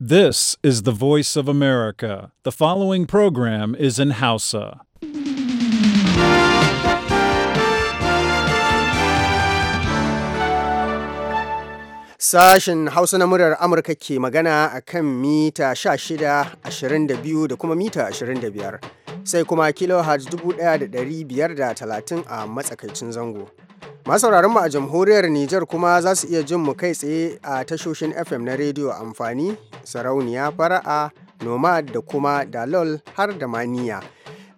This is the voice of America. The following program is in Hausa. Sashen Hausa na murar Amurka ke magana a kan mita 16, 22 da kuma mita 25, sai kuma da 1530 a matsakaicin zango. masauraran mu a jamhuriyar Nijar kuma za su iya jin mu kai tsaye a tashoshin FM na rediyo amfani sarauniya fara'a nomad da kuma dalol har da maniya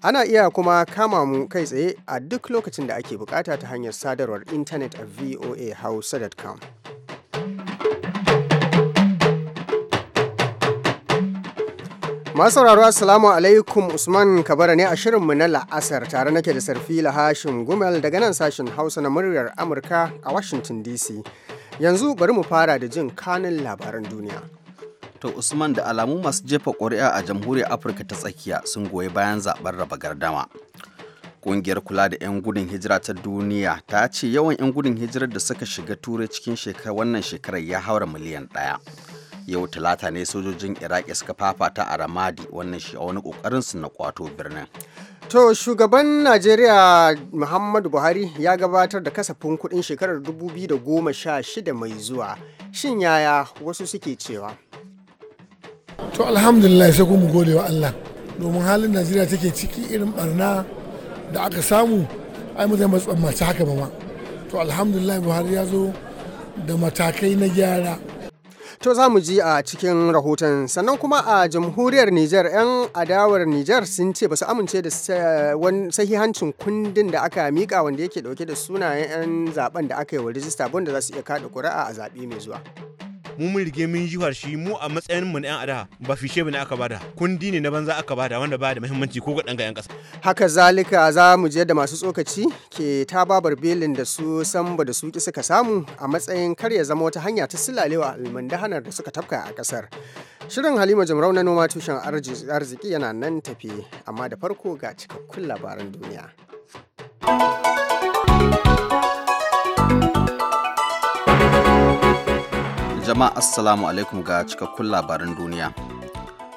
ana iya kuma kama mu kai tsaye a duk lokacin da ake bukata ta hanyar sadarwar intanet a voa Masu sauraro Assalamu alaikum Usman Kabara ne a shirinmu na la'asar tare nake da sarfi lahashin Gumel daga nan sashen Hausa na muryar Amurka a Washington DC. Yanzu bari mu fara da jin kanin labaran duniya. To Usman da alamu masu jefa ƙuri'a a jamhuriyar Afirka ta tsakiya sun goyi bayan zaɓen raba gardama. Ƙungiyar kula da 'yan gudun hijira ta duniya ta ce yawan 'yan gudun hijirar da suka shiga turai cikin wannan shekarar ya haura miliyan ɗaya. yau talata ne sojojin iraki suka fafata a ramadi wannan shi a wani kokarin su na kwato birnin to shugaban najeriya muhammadu buhari ya gabatar da kasafin kudin shekarar 2016 mai zuwa shin yaya wasu suke cewa to alhamdulillah sai kuma gode wa allah domin halin najeriya take ciki irin barna da aka samu ai mu zai tsammaci haka ba ma to alhamdulillah buhari ya zo da matakai na gyara To za mu ji a cikin rahoton sannan kuma a jamhuriyar Nijar 'yan adawar Nijar sun ce ba su amince da sahihancin kundin da aka mika wanda yake dauke da sunayen 'yan zaben da aka yi wa rijista wanda za su iya kada kuri'a a zaɓe mai zuwa. mu mun rige mun yi shi mu a matsayin mu na yan adaha ba fishe ne aka bada kundi ne na banza aka bada wanda ba da muhimmanci ko ga ga yan kasa haka zalika za mu je da masu tsokaci ke ta babar belin da su samba da su ki suka samu a matsayin kar ya zama wata hanya ta alman dahanar da suka tafka a kasar shirin halima jamrau na noma tushen arziki yana nan tafi amma da farko ga cikakkun labaran duniya thank you Jama'a Assalamu alaikum ga cikakkun labaran duniya.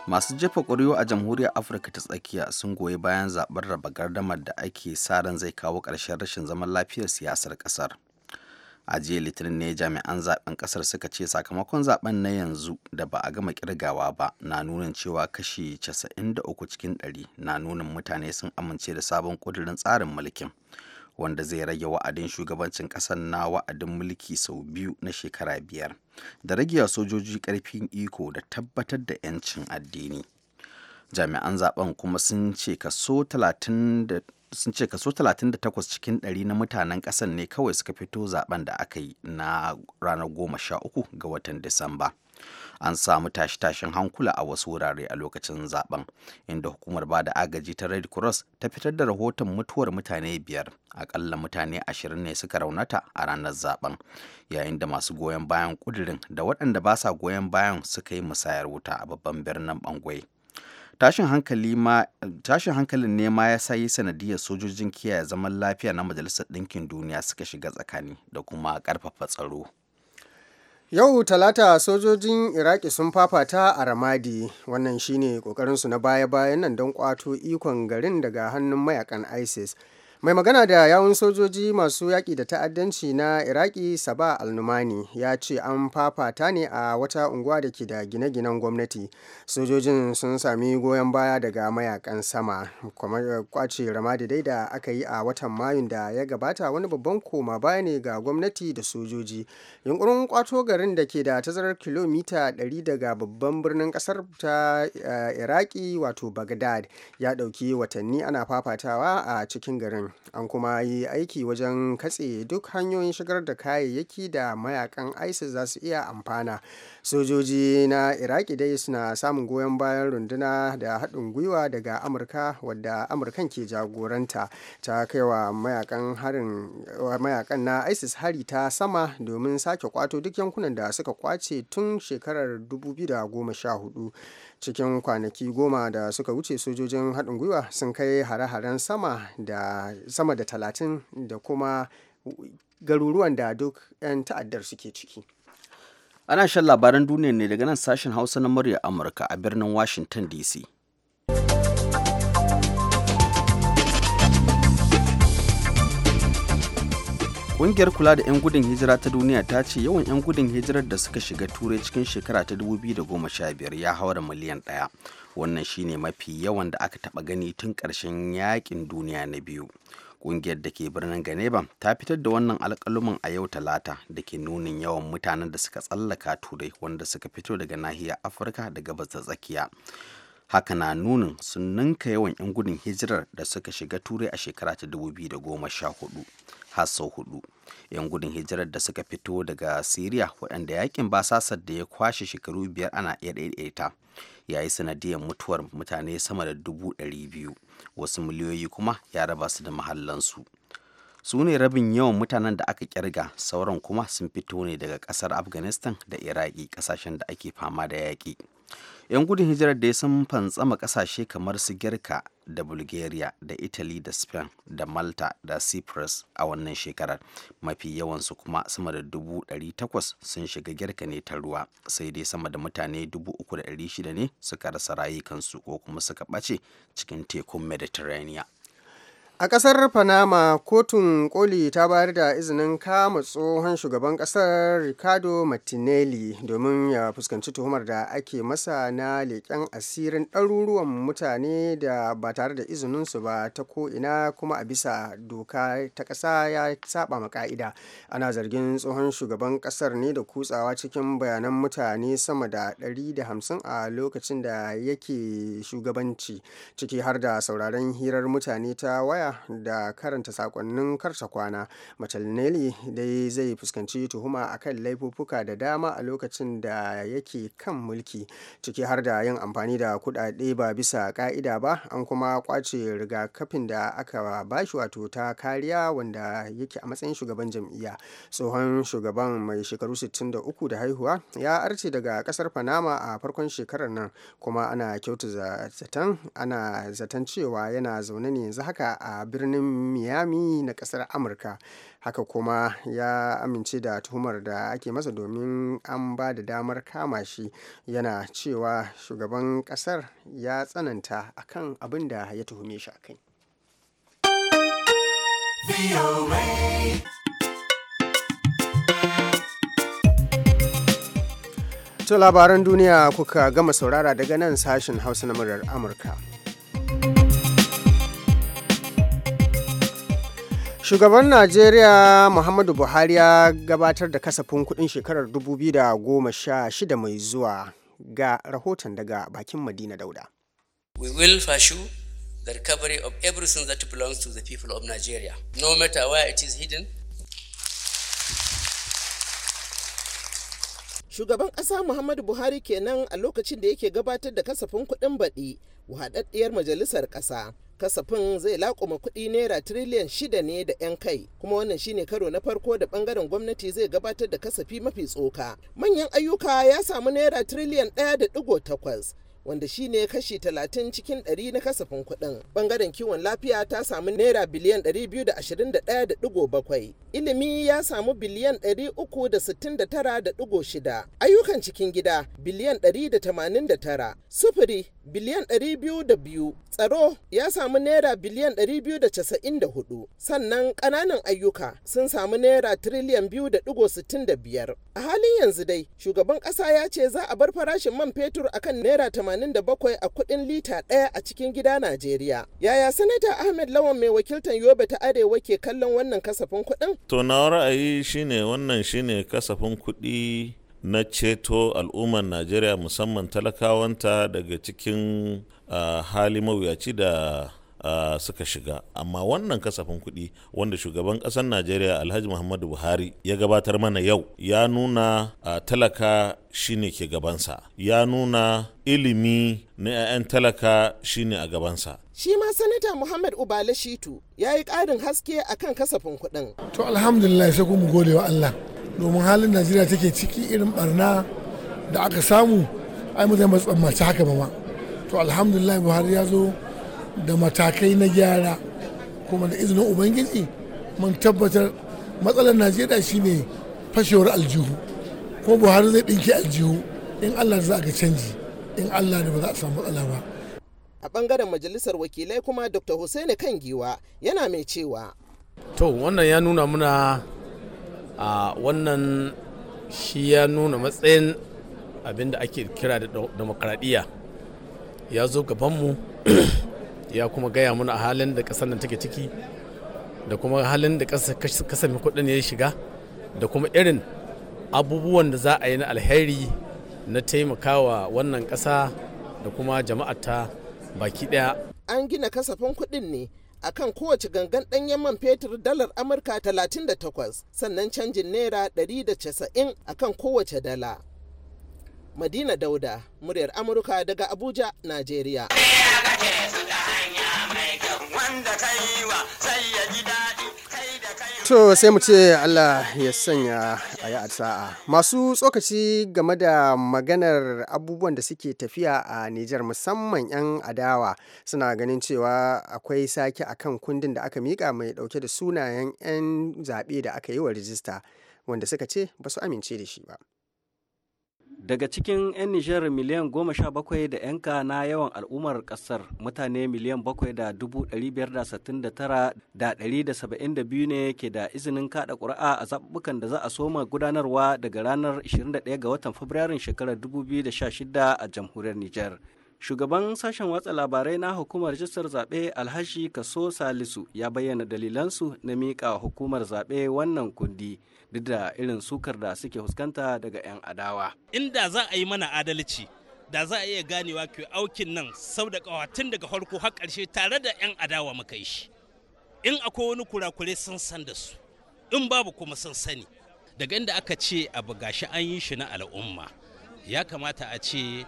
Masu jefa ƙuri'u a jamhuriyar Afirka ta tsakiya sun goyi bayan zaɓen raba gardamar da ake sa ran zai kawo ƙarshen rashin zaman lafiyar siyasar ƙasar. A jiya litinin ne jami'an zaben ƙasar suka ce sakamakon zaben na yanzu da ba a gama kirgawa ba na nunin cewa kashi 93 cikin 100 na nunin mutane sun amince da sabon ƙudurin tsarin mulkin. wanda zai rage wa'adin shugabancin ƙasar na wa'adin mulki sau biyu na shekara biyar da ragewa sojoji ƙarfin iko da tabbatar da 'yancin addini jami'an zaben kuma sun ce kaso 38 cikin 100 na mutanen ƙasar ne kawai suka fito zaben da aka yi na ranar 13 ga watan disamba an samu tashe-tashen hankula a wasu wurare a lokacin zaben inda hukumar ba da agaji ta red cross ta fitar da rahoton mutuwar mutane biyar akalla mutane ashirin ne suka raunata a ranar zaben yayin da masu goyon bayan kudirin da waɗanda ba sa goyon bayan suka yi musayar wuta a babban birnin bangwai tashin hankalin ne ma ya sayi sanadiyar sojojin kiyaye zaman lafiya na majalisar ɗinkin duniya suka shiga tsakani da kuma ƙarfafa tsaro yau talata sojojin iraki sun fafata a ramadi wannan shine kokarinsu na baya-bayan nan don kwato ikon garin daga hannun mayakan isis mai magana da yawun sojoji masu yaƙi da ta'addanci na iraki saba alnumani ya ce an fafata ne a wata unguwa da ke da gine-ginen gwamnati sojojin sun sami goyon baya daga mayakan sama kwace ramadi dai da aka yi a watan mayun da ya gabata wani babban koma baya ne ga gwamnati da sojoji yunkurin kwato garin da ke da tazarar kilomita 100 daga babban birnin kasar ta eh, iraki wato bagdad ya ɗauki watanni ana fafatawa a cikin garin an kuma yi aiki wajen katse duk hanyoyin shigar da kayayyaki da mayakan isis za su iya amfana sojoji na iraki dai suna samun goyon bayan runduna da haɗin gwiwa daga amurka wadda amurkan ke jagoranta ta kaiwa mayakan mayakan na isis hari ta sama domin sake kwato duk yankunan da suka kwace tun shekarar 2014 cikin kwanaki goma da suka wuce sojojin haɗin gwiwa sun kai hare-haren sama da sama da talatin da kuma garuruwan da duk 'yan ta'addar suke ciki ana shan labaran duniya ne daga nan sashen hausa na murya amurka a birnin washington dc Ƙungiyar kula da 'yan gudun hijira ta duniya ta ce yawan 'yan gudun hijirar da suka shiga turai cikin shekara ta 2015 ya haura miliyan ɗaya. Wannan shine mafi yawan da aka taɓa gani tun ƙarshen yaƙin duniya na biyu. Ƙungiyar da ke birnin Ganeba ta fitar da wannan alkalumin a yau talata da ke nunin yawan mutanen da suka tsallaka turai wanda suka fito daga nahiyar Afirka da gabas da tsakiya. haka na nunin sun ninka yawan 'yan gudun hijirar da suka shiga turai a shekara ta 2014 har sau hudu. 'Yan gudun hijirar da suka fito daga Siriya waɗanda yakin basasar da ya kwashe shekaru biyar ana iya ta ya yi sanadiyar mutuwar mutane sama da dubu ɗari biyu wasu miliyoyi kuma ya raba su da mahallansu. Su ne rabin yawan mutanen da aka kirga sauran kuma sun fito ne daga ƙasar Afghanistan da Iraki ƙasashen da ake fama da yaƙi. 'yan gudun hijirar da ya sun fantsama kasashe kamar su girka da bulgaria da italy da spain da malta da cyprus a wannan shekarar mafi yawansu kuma sama da 800 sun shiga girka ne ta ruwa sai dai sama da mutane 3,600 ne suka rasa rayukansu ko kuma suka ɓace cikin tekun mediterranean A ƙasar Panama, kotun koli ta bayar da izinin kama tsohon shugaban ƙasar Ricardo Martinelli domin ya fuskanci tuhumar da ake masa na leƙen asirin ɗaruruwan mutane da ba tare da izininsu ba ta ko'ina kuma a bisa doka ta ƙasa ya saba ma ƙa'ida. Ana zargin tsohon shugaban ƙasar ne da kutsawa cikin bayanan mutane sama da 150 a lokacin da yake shugabanci, ciki har da sauraron hirar mutane ta waya da karanta sakonnin karta kwana dai zai fuskanci tuhuma akan laifuffuka da dama a lokacin da yake kan mulki ciki har da yin amfani da kudade ba bisa ka'ida ba an kuma kwace rigakafin da aka bashi wato ta kariya wanda yake a matsayin shugaban jam'iyya tsohon shugaban mai shekaru 63 da haihuwa ya arce daga kasar panama a farkon shekarar nan kuma ana kyautu zaton ana zaton cewa yana zaune ne yanzu haka a a birnin miami na kasar amurka haka kuma ya amince da tuhumar da ake masa domin an ba da damar kama shi yana cewa shugaban kasar ya tsananta akan abin da ya tuhume shi akai. To labaran duniya kuka gama saurara daga nan sashen Hausa na muryar Amurka. Shugaban Najeriya Muhammadu Buhari ya gabatar da kasafin kuɗin shekarar 2016 mai zuwa ga rahoton daga bakin Madina Dauda. We will pursue the recovery of everything that belongs to the people of Nigeria, no matter where it is hidden. Shugaban ƙasa Muhammadu Buhari kenan a lokacin da yake gabatar da kasafin kuɗin baɗi wa haɗaɗɗiyar majalisar ƙasa. kasafin zai lakuma kuɗi naira triliyan shida ne da 'yan kai kuma wannan shine karo na farko da bangaren gwamnati zai gabatar da kasafi mafi tsoka manyan ayyuka ya samu naira tiriliyan ɗaya da ɗigo takwas wanda shine kashi talatin cikin ɗari na kasafin kuɗin. Bangaren kiwon lafiya ta samu naira biliyan biyu da da da ashirin bakwai. Ilimi ya samu biliyan uku da da da sittin tara shida. Ayyukan cikin gida biliyan ɗari da da tamanin tara Sufuri biliyan 202 tsaro ya samu naira biliyan 294 sannan ƙananan ayyuka sun samu naira triliyan 2.65 a halin yanzu dai shugaban ƙasa ya ce za a bar farashin man fetur akan naira 87 a kuɗin lita ɗaya a cikin gida najeriya yaya sanata ahmed lawan mai wakiltan yobe ta arewa ke kallon wannan kasafin kuɗin to na ra'ayi shine wannan shine kasafin kuɗi na ceto al'ummar najeriya musamman talakawanta daga cikin hali mawuyaci da Uh, suka shiga amma wannan kasafin kuɗi wanda shugaban ƙasar najeriya alhaji muhammadu buhari ya gabatar mana yau ya nuna uh, talaka shine ke gabansa ya nuna ilimi na 'ya'yan talaka shine a gabansa shi ma sanata muhammad ubala shitu ya yi ƙarin haske akan kasafin kuɗin to alhamdulillah sai kuma gode wa allah domin halin najeriya take ciki irin barna da aka samu ai mutane ba tsammaci haka ba ma to alhamdulillah buhari ya zo da matakai na gyara kuma da izinin ubangiji mun tabbatar matsalar najeriya shine fashewar aljihu ko buhari zai ɗinki aljihu in allah za ga canji in allah ne ba za a samu matsala ba a bangaren majalisar wakilai kuma dr hussaini kan giwa yana mai cewa to wannan ya nuna muna a wannan shi ya nuna matsayin abin da ake kira da demokradiyya ya zo gabanmu ya kuma gaya mana a halin da ƙasar nan take ciki da kuma halin da kasafin kuɗin ya shiga da kuma irin abubuwan da za a yi na alheri na taimakawa wannan ƙasa da kuma jama'ata baki ɗaya. An gina kasafin kuɗin ne a kan kowace gangan ɗanyen man fetur dalar Amurka 38 sannan canjin naira 190 kan kowace dala. Madina Dauda, muryar Amurka daga Abuja, Najeriya. To sai mu ce Allah ya sanya a yi sa'a. Masu tsokaci game da maganar abubuwan da suke tafiya a Nijar musamman 'yan adawa suna ganin cewa akwai sake akan kundin da aka miƙa mai ɗauke da sunayen 'yan zaɓe da aka yi wa rijista wanda suka ce ba su amince da shi ba. Daga cikin 'yan Nijar miliyan goma sha bakwai da 'yanka na yawan al'ummar ƙasar mutane miliyan bakwai da dubu biyar da sittin da tara da da saba'in da biyu ne ke da izinin kaɗa ƙuri'a a zaɓuɓɓukan da za a soma gudanarwa daga ranar 21 ga watan Fabrairun shekarar 2016 a jamhuriyar Nijar. shugaban sashen watsa labarai na hukumar rajistar zaɓe alhashi kaso salisu ya bayyana dalilansu na miƙa hukumar zaɓe wannan kundi duk da irin sukar da suke fuskanta daga 'yan adawa inda za a yi mana adalci da za a iya ganewa ke aukin nan sau da ƙawa tun daga harko har ƙarshe tare da 'yan adawa muka yi shi in akwai wani kurakure sun san da su in babu kuma sun sani daga inda aka ce abu gashi an yi shi na al'umma ya kamata a ce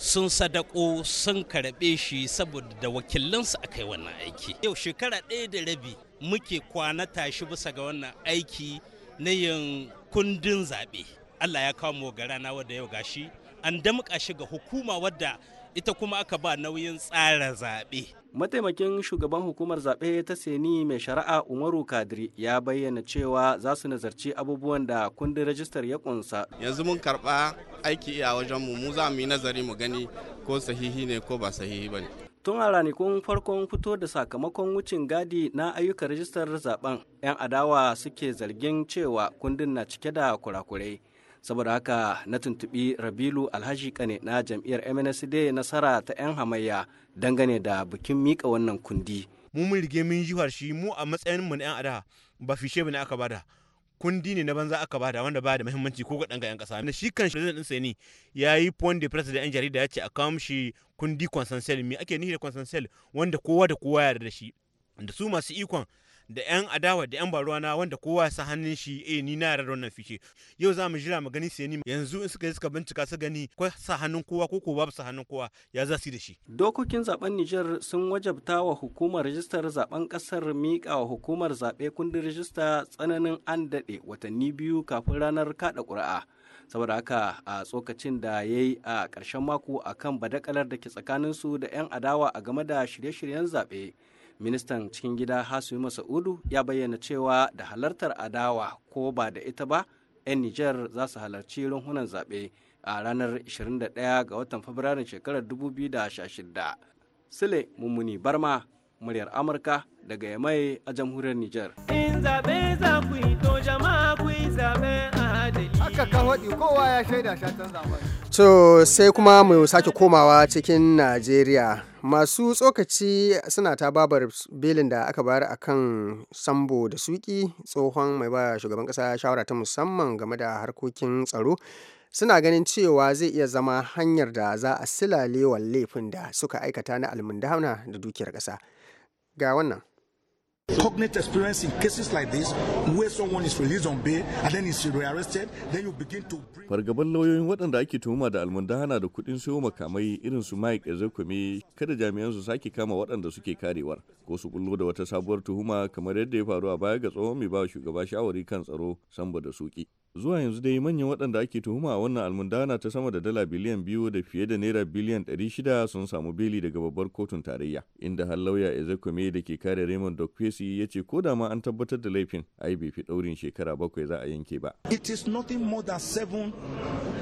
sun sadako sun karɓe shi saboda da wakilansu aka yi wannan aiki yau shekara ɗaya da rabi muke kwana tashi bisa ga wannan aiki na yin kundin zaɓe allah ya kawo ga rana wadda yau gashi an damƙa shi ga hukuma wadda ita kuma aka ba nauyin tsara zaɓe. Mataimakin shugaban hukumar zaɓe ta Seni mai shari'a Umaru Kadiri ya bayyana cewa za su nazarci abubuwan da kundin rajistar ya kunsa. Yanzu mun karɓa aiki a wajen mu mu za mu yi nazari mu gani ko sahihi ne ko ba sahihi ba ne tun a ranakun farkon fito da sakamakon wucin gadi na ayyukan rajistar zaben 'yan adawa suke zargin cewa kundin na cike da kurakurai saboda haka na tuntubi rabilu alhaji kane na jam'iyyar mnsd nasara ta 'yan hamayya dangane da bikin mika wannan kundi mu mun rige mun yi shi mu a matsayin mu na 'yan adawa ba fishe ne aka bada kundi ne na banza aka bada wanda ba da muhimmanci ko ga ɗan ga 'yan ƙasa da shi kan president din sani ya yi point de presse da 'yan jarida ya ce a kawo shi kundi consensuel me ake nihi da consensuel wanda kowa da kowa yarda da shi da su masu ikon da 'yan adawa da 'yan baruwana wanda kowa sa hannun shi eh ni na yarda wannan fice yau za mu jira mu gani sai ni yanzu in suka yi suka bincika su gani ko sa hannun kowa ko ko babu sa hannun kowa ya za su da shi dokokin zaben Niger sun wajabta wa hukumar rajistar zaben kasar mika wa hukumar zabe kundin rajista tsananin an dade watanni biyu kafin ranar kada ƙuri'a saboda haka a tsokacin da ya yi a ƙarshen mako akan badakalar da ke tsakanin su da 'yan adawa a game da shirye-shiryen zaɓe ministan cikin gida hasumi Sa'udu ya bayyana cewa da halartar adawa ko ba da ita ba 'yan nijar za su halarci runhunan zaɓe a ranar 21 ga watan fabrairun shekarar 2016 sile mummuni barma muryar amurka daga yamai a jamhuriyar nijar in zaɓe haka ka kowa ya shaida shatan zamani so sai kuma mu sake komawa cikin najeriya masu tsokaci suna ta babar belin da aka bayar a kan sambo da suki tsohon mai ba shugaban kasa shawara ta musamman game da harkokin tsaro suna ganin cewa zai iya zama hanyar da za a silalewa laifin da suka aikata na almundana da dukiyar kasa ga wannan cognate experience in cases like this where someone is released on bail and then is rearrested then you begin to bring fargaban lauyoyin waɗanda ake tuhuma da hana da kuɗin sayo makamai irin su Mike Ezekwemi kada jami'an su sake kama waɗanda suke karewar ko su bullo da wata sabuwar tuhuma kamar yadda ya faru a baya ga tsohon mai ba shugaba shawari kan tsaro samba da Suki Zuwa yanzu dai manyan waɗanda ake tuhuma a wannan almundana ta sama da dala biliyan biyu da fiye da naira biliyan 600 sun samu beli daga babbar kotun tarayya inda har lauya Ezekweme da ke kare Raymond dokwesi ya ce ko da ma an tabbatar da laifin ai bai fi ɗaurin shekara bakwai za a yanke ba. It is nothing more than seven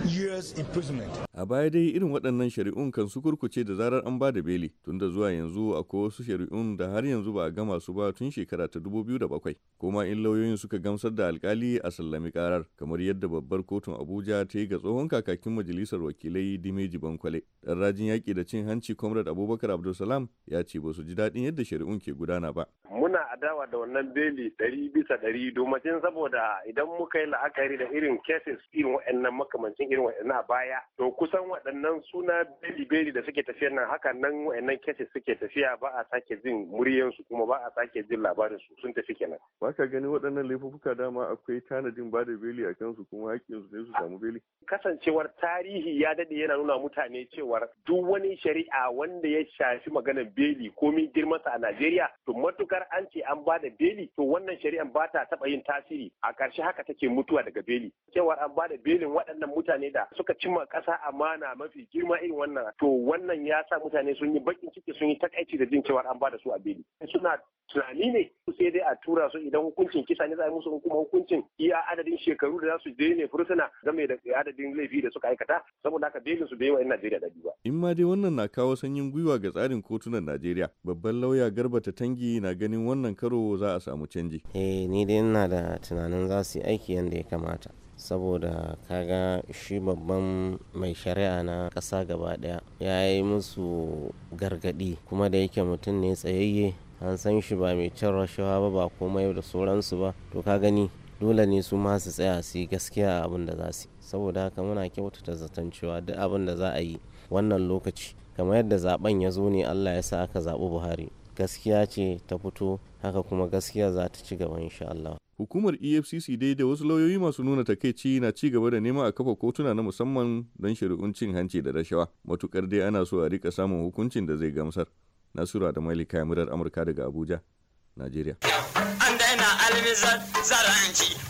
years imprisonment. A baya dai irin waɗannan shari'un kan su kurkuce da zarar an ba da beli tunda zuwa yanzu akwai wasu shari'un da har yanzu ba a gama su ba tun shekara ta 2007 kuma in lauyoyin suka gamsar da alkali a sallami karar. kamar yadda babbar kotun abuja ta yi ga tsohon kakakin majalisar wakilai dimeji bankwale dan rajin yaƙi da cin hanci comrade abubakar abdulsalam ya ce ba su ji daɗin yadda shari'un ke gudana ba muna adawa da wannan beli ɗari bisa ɗari domacin saboda idan muka yi la'akari da irin cases irin waɗannan makamancin irin waɗannan a baya to kusan waɗannan suna beli beli da suke tafiya nan haka nan waɗannan cases suke tafiya ba a sake jin muryansu kuma ba a sake jin labarinsu sun tafi kenan ba ka gani waɗannan laifuka dama akwai tanadin ba da beli a kansu kuma su sai su samu beli. Kasancewar tarihi ya dade yana nuna mutane cewar duk wani shari'a wanda ya shafi maganar beli komi girmansa a Najeriya to matukar an ce an ba da beli to wannan shari'an ba ta taɓa yin tasiri a ƙarshe haka take mutuwa daga beli. Cewar an ba da belin waɗannan mutane da suka cimma ƙasa amana mafi girma irin wannan to wannan ya sa mutane sun yi baƙin ciki sun yi takaici da jin cewar an ba da su a beli. Suna tunani ne sai dai a tura su idan hukuncin kisa ne za a musu kuma hukuncin iya adadin shekaru da za su je ne fursuna game da adadin laifi da suka aikata saboda haka belin su bai wa 'yan Najeriya da ba. In ma dai wannan na kawo sanyin gwiwa ga tsarin kotunan Najeriya babban lauya Garba Tangi na ganin wannan karo za a samu canji. Eh ni dai ina da tunanin za su yi aiki yadda ya kamata. saboda kaga shi babban mai shari'a na kasa gaba ɗaya ya yi musu gargadi kuma da yake mutum ne tsayayye an san shi ba mai can rashawa ba ba komai da sauransu ba to ka gani dole ne su ma su tsaya su yi gaskiya abin da za su yi saboda haka muna kyautata zaton cewa duk abin da za a yi wannan lokaci kamar yadda zaben ya zo ne allah ya sa aka zaɓi buhari gaskiya ce ta fito haka kuma gaskiya za ta ci gaba insha Allah. Hukumar EFCC dai da wasu lauyoyi masu nuna takaici na ci gaba da nema a kafa kotuna na musamman don shari'un cin hanci da rashawa. Matukar dai ana so a rika samun hukuncin da zai gamsar. Nasura da Malika Murar Amurka daga Abuja, Najeriya. na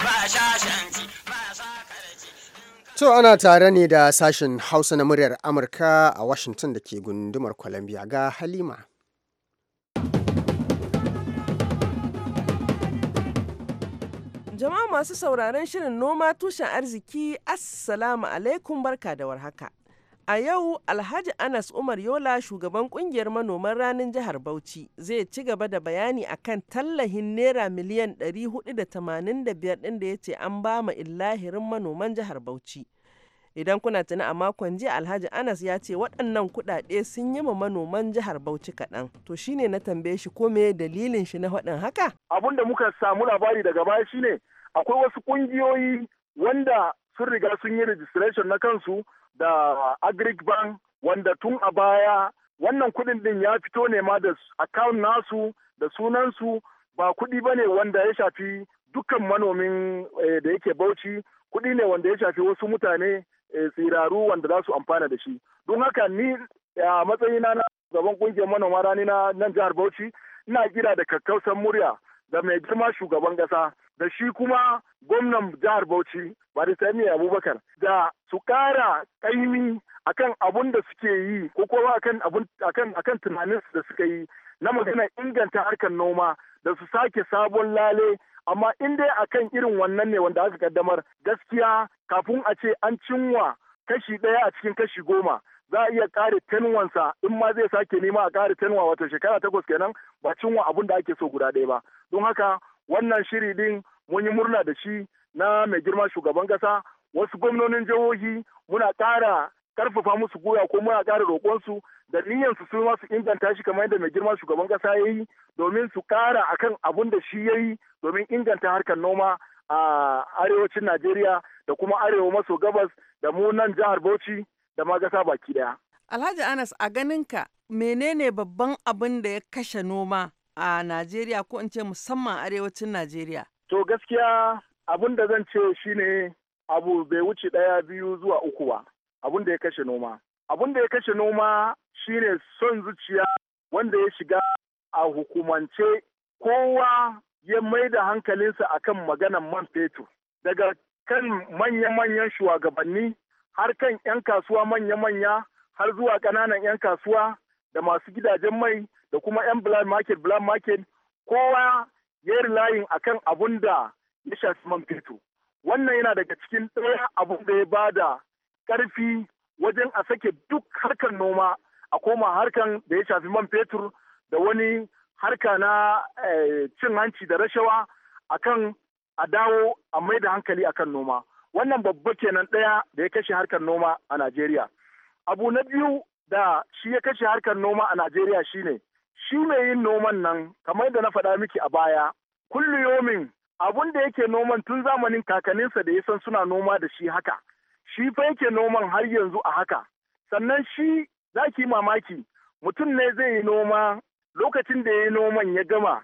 ba shashanci To ana tare ne da sashen Hausa na muryar Amurka a Washington da ke gundumar Columbia ga Halima. Jama'a masu sauraron shirin noma tushen arziki Assalamu alaikum barka da warhaka. A yau Alhaji Anas Umar Yola shugaban kungiyar manoman ranar jihar Bauchi zai ci gaba da bayani akan tallahin naira miliyan 485 ɗin da ya ce an ba ma illahirin manoman jihar Bauchi. Idan kuna tuni a makon jiya Alhaji Anas ya ce waɗannan kuɗaɗe sun yi ma manoman jihar Bauchi kaɗan. To shine na tambaye shi ko me dalilin shi na faɗin haka? Abun da muka samu labari daga baya shine akwai wasu ƙungiyoyi wanda sun riga sun yi registration na kansu da agric bank wanda tun a baya wannan kuɗin din ya fito ne ma da account nasu da sunansu ba kuɗi ba ne wanda ya shafi dukkan manomin eh, da yake bauchi kuɗi ne wanda ya shafi wasu mutane eh, tsiraru wanda za su amfana da shi don haka ni a matsayina na gaban kungiyar manoma rani na nan jihar bauchi ina kira da kakkausan murya da mai girma shugaban ƙasa da shi kuma gwamnan jihar Bauchi Ba Barista ne Abubakar da su kara ƙaimi akan abun da suke yi ko kuma akan akan akan tunanin da suka yi na magana inganta harkar noma da su sake sabon lale amma in dai akan irin wannan ne wanda aka kaddamar gaskiya kafin a ce an cinwa kashi ɗaya a cikin kashi goma za a iya ƙare tenuwansa in ma zai sake nema a kare tenuwa wato shekara takwas kenan ba cinwa abun da ake so guda ɗaya ba don haka wannan shiri din mun yi murna da shi na mai girma shugaban kasa wasu gwamnonin jihohi muna ƙara karfafa musu goya ko muna kara roƙonsu da niyyansu su ma su inganta shi kamar yadda mai girma shugaban kasa ya yi domin su ƙara akan abun da shi ya yi domin inganta harkar noma a arewacin Najeriya da kuma arewa maso gabas da mu nan jihar Bauchi da ma gasa baki daya. Alhaji Anas a ganinka menene babban abin da ya kashe noma a Najeriya ko in ce musamman arewacin Najeriya? To gaskiya abin da zan ce shine abu bai wuce ɗaya biyu zuwa uku ba abin da ya kashe noma. Abin da ya kashe noma shine son zuciya wanda ya shiga a hukumance kowa ya mai da hankalinsa akan maganan man fetur. Daga kan manya-manyan shugabanni har kan 'yan kasuwa manya-manya har zuwa ƙananan 'yan kasuwa da masu gidajen mai da kuma 'yan black market black market kowa ya yi layin akan abun da ya shafi man fetur wannan yana daga cikin ɗaya abun da ya ba da ƙarfi wajen a sake duk harkar noma a koma harkar da ya shafi man fetur da wani harka na eh, cin hanci da rashawa akan a dawo a mai da hankali akan noma wannan babba kenan ɗaya da ya kashe harkar noma a najeriya abu na biyu da shi ya kashe harkar noma a najeriya shine shi mai yin noman nan kamar da na faɗa miki a baya kullu yomin abun da yake noman tun zamanin kakanninsa da ya san suna noma da shi haka shi fa yake noman har yanzu a haka sannan shi za ki mamaki mutum ne zai yi noma lokacin da ya yi noman ya gama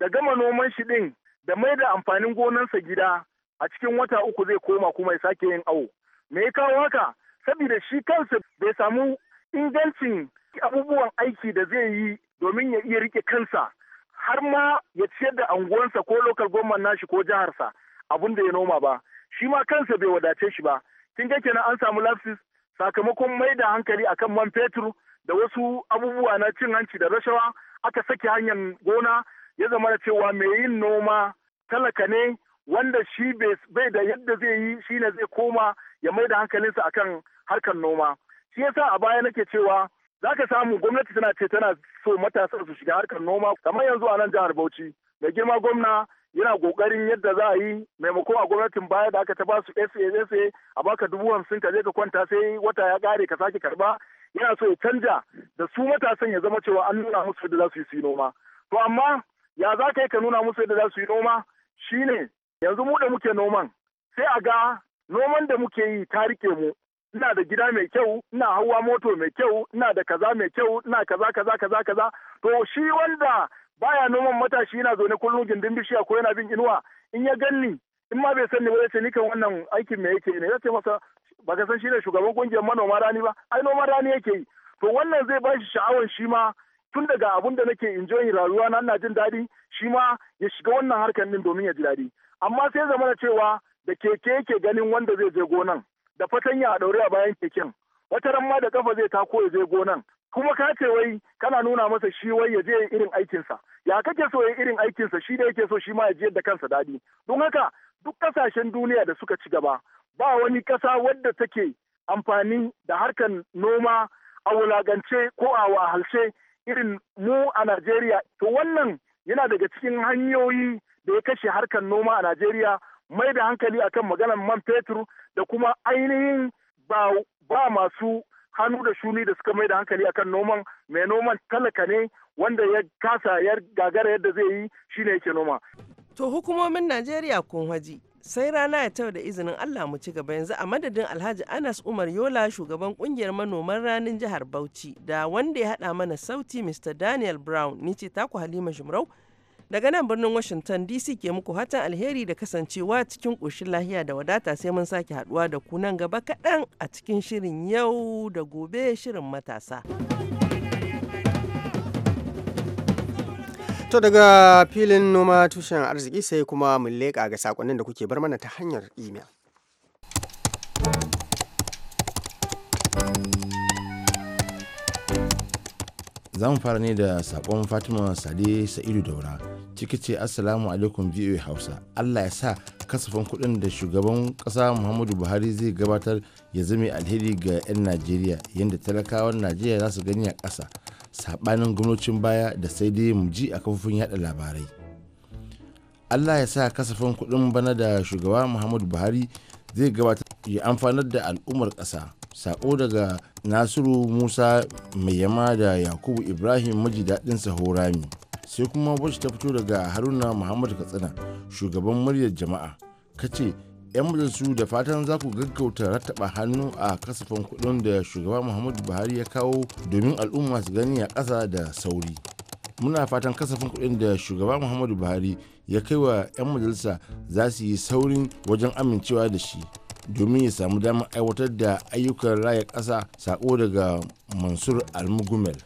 da gama noman shi ɗin da mai da amfanin gonansa gida a cikin wata uku zai koma kuma ya sake yin awo me ya kawo haka saboda shi kansa bai samu ingancin abubuwan aiki da zai yi domin ya iya rike kansa har ma ya ciyar da anguwansa ko lokal gwamnan nashi ko jiharsa abun da ya noma ba shi ma kansa bai wadace shi ba kin ga kenan an samu lapsis sakamakon mai da hankali akan man fetur da wasu abubuwa na cin hanci da rashawa aka sake hanyar gona ya zama da cewa mai yin noma talaka ne wanda shi bai da yadda zai yi shine zai koma ya mai da hankalinsa akan harkar noma shi yasa a baya nake cewa za ka samu gwamnati tana ce tana so matasa su shiga harkar noma kamar yanzu a nan jihar Bauchi da girma gwamna yana kokarin yadda za a yi maimako a gwamnatin baya da aka ta ba su SASA a baka dubu hamsin ka je ka kwanta sai wata ya kare ka sake karba yana so ya canja da su matasan ya zama cewa an nuna musu yadda za su yi su yi noma to amma ya za ka yi ka nuna musu yadda za su yi noma shine yanzu mu da muke noman sai a ga noman da muke yi ta rike mu ina da gida mai kyau ina hawa moto mai kyau ina da kaza mai kyau ina kaza kaza kaza kaza to shi wanda baya noman matashi yana zaune kullum gindin bishiya ko yana bin inuwa in ya ganni in ma bai ni ba zai ce ni kan wannan aikin me yake ne zai masa baka san shi ne shugaban kungiyar manoma rani ba ai noman rani yake yi to wannan zai ba shi sha'awar shi ma tun daga abun da nake enjoying rayuwa na ina jin daɗi shi ma ya shiga wannan harkar din domin ya ji daɗi amma sai zama cewa da keke yake ganin wanda zai je gonan da fatan a ɗaure a bayan keken wata ran ma da kafa zai tako ya je gonan kuma ka ce wai kana nuna masa shi wai ya je irin aikinsa ya kake so ya irin aikinsa shi da yake so shi ma ya je da kansa daɗi don haka duk ƙasashen duniya da suka ci gaba ba wani ƙasa wadda take amfani da harkan noma a wulagance ko a wahalce irin mu a Najeriya to wannan yana daga cikin hanyoyi da ya kashe harkar noma a Najeriya mai da hankali akan maganar man fetur da kuma ainihin ba masu hannu da shuni da suka mai da hankali akan noman mai noman talaka ne wanda ya kasa ya gagara yadda zai yi shine yake noma. To hukumomin Najeriya kun haji sai rana ya tau da izinin Allah mu ci gaba yanzu a madadin Alhaji Anas Umar Yola shugaban kungiyar manoman ranin jihar Bauchi da wanda ya hada mana sauti Mr Daniel Brown ni ce taku Halima Jumrau Daga nan birnin Washington DC ke muku hatan alheri da kasancewa cikin ƙoshin lahiya da wadata sai mun sake haduwa da ku nan gaba kaɗan a cikin shirin yau da gobe shirin matasa. To daga filin noma tushen arziki sai kuma mun leƙa ga sakonnin da kuke bar mana ta hanyar email. Zan fara ne da sakon Fatima Sade Sa'idu Daura. ciki ce assalamu alaikum voa hausa allah ya sa kasafin kuɗin da shugaban ƙasa muhammadu buhari zai gabatar ya zame alheri ga 'yan najeriya yadda talakawan najeriya za su gani a ƙasa saɓanin gwamnocin baya da sai dai mu ji a kafofin yada labarai allah ya sa kasafin kuɗin bana da shugaba muhammadu buhari zai gabatar ya amfanar da al'ummar ƙasa sako daga nasiru musa mai yama da yakubu ibrahim maji daɗin sahorami sai kuma wacce ta fito daga haruna muhammad katsina shugaban muryar jama'a ka ce 'yan majalisu da fatan za ku gaggauta rattaba hannu a kasafin kuɗin da shugaba muhammadu buhari ya kawo domin al'umma su gani a ƙasa da sauri muna fatan kasafin kuɗin da shugaba muhammadu buhari ya kai wa 'yan majalisa za su yi saurin wajen amincewa da shi domin ya samu damar aiwatar da ayyukan raya ƙasa sako daga mansur almugumel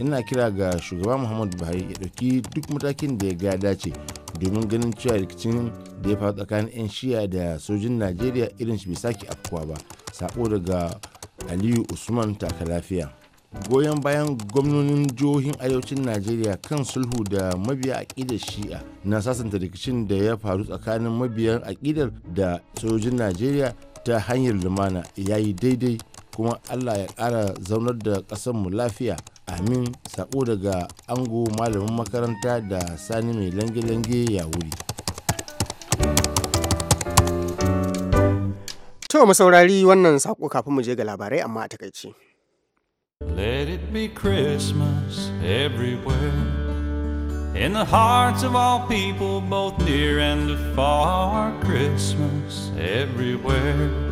ina kira ga shugaba muhammadu buhari ya ɗauki duk matakin da ya ga dace domin ganin cewa rikicin da ya faru tsakanin 'yan shiya da sojin najeriya irin shi bai sake afkuwa ba sako daga aliyu usman taka lafiya goyon bayan gwamnonin jihohin arewacin najeriya kan sulhu da mabiya aƙidar shi'a na sasanta rikicin da ya faru tsakanin mabiyan aƙidar da sojin najeriya ta hanyar lumana ya yi daidai kuma allah ya ƙara zaunar da ƙasarmu lafiya amin sako daga ango malamin makaranta da sani mai lange-lange ya wuri to mu saurari wannan sako kafin mu je ga labarai amma a takaice Let it be Christmas everywhere in the hearts of all people, both near and far Christmas everywhere.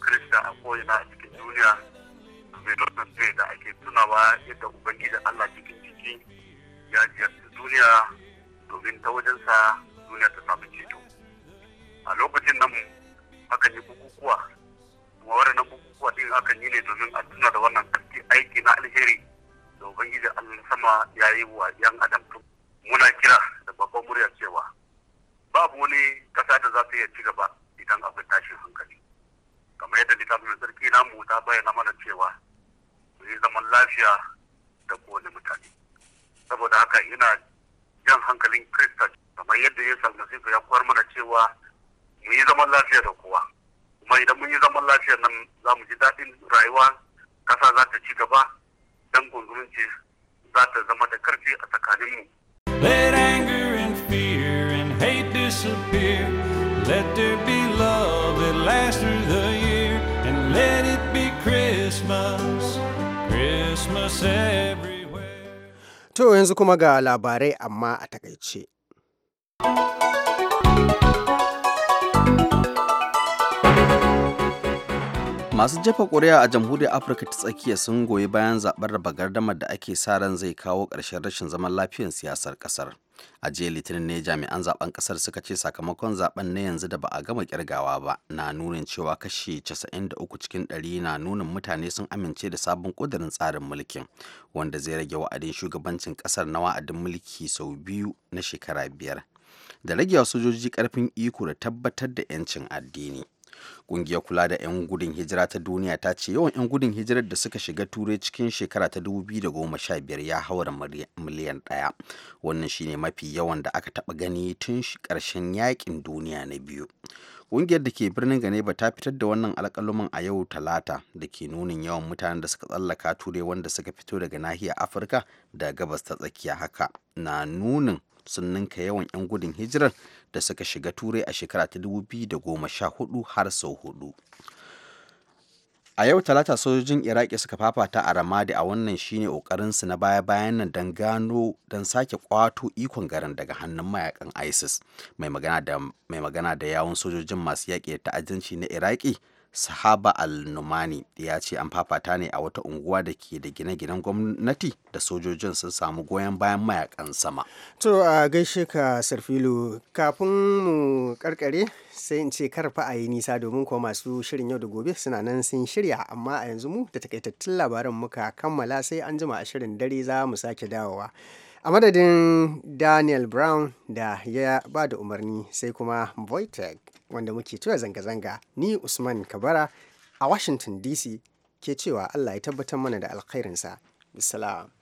kirista a ko'ina a cikin duniya Velosa Day da ake tunawa yadda Ubangiji Allah cikin jiki ya ziyarci duniya domin ta wajensa duniya ta samu ceto. A lokacin nan akan yi bukukuwa, kuma waɗannan bukukuwa ɗin akan yi ne domin a tuna da wannan aiki na alheri da Ubangiji Allah sama ya yi wa 'yan Adam Muna kira da babban murya cewa babu wani kasa da za ta iya ci gaba ta bayyana mana cewa su yi zaman lafiya da kowane mutane saboda haka ina jan hankalin krista kamar yadda ya salmasifu ya koyar mana cewa mu yi zaman lafiya da kowa kuma idan mun yi zaman lafiya nan za mu ji daɗin rayuwa ƙasa za ta ci gaba dan gunzumunci za ta zama da karfi a tsakaninmu. Let anger and fear and hate disappear. Let there be To yanzu kuma ga labarai amma a takaice. masu jefa ƙuri'a a jamhuriyar afirka ta tsakiya sun goyi bayan zaɓen raba gardamar da ake sa ran zai kawo ƙarshen rashin zaman lafiyar siyasar ƙasar a jiya litinin ne jami'an zaben kasar suka ce sakamakon zaben na yanzu da ba a gama kirgawa ba na nunin cewa kashi 93 cikin 100 na nunin mutane sun amince da sabon kudirin tsarin mulkin wanda zai rage wa'adin shugabancin kasar na wa'adin mulki sau biyu na shekara biyar da rage sojoji karfin iko da tabbatar da 'yancin addini. Ƙungiyar kula da 'yan gudun hijira ta duniya ta ce yawan 'yan gudun hijirar da suka shiga turai cikin shekara ta 2015 ya haura miliyan ɗaya. Wannan shine mafi yawan da aka taɓa gani tun ƙarshen yaƙin duniya na biyu. Ƙungiyar da ke birnin Ganeba ta fitar da wannan alƙalumin a yau Talata da ke nunin yawan mutanen da suka tsallaka turai wanda suka fito daga nahiyar Afirka da gabas ta tsakiya haka na nunin sun ninka yawan 'yan gudun hijirar da suka shiga turai a shekara ta 2014 har sau hudu. a yau talata sojojin iraki suka fafata a ramadi a wannan shine kokarinsu na baya-bayan nan don gano don sake kwato ikon garin daga hannun mayakan isis mai magana da yawon sojojin masu yaƙi da ta'addanci na iraki sahaba al-numani ya ce an fafata ne a wata unguwa da ke da gine-ginen gwamnati da sojojin sun samu goyon bayan mayakan sama to a gaishe ka sarfilu kafin mu karkare sai in ce karfa a yi nisa domin kuwa masu shirin yau da gobe suna nan sun shirya amma a yanzu mu da takaitattun labaran muka kammala sai an jima a shirin dare za mu sake dawowa a madadin daniel brown da ya ba da umarni sai kuma voitech wanda muke tura zanga-zanga ni usman kabara a washington dc ke cewa allah ya tabbatar mana da alkhairinsa bisalam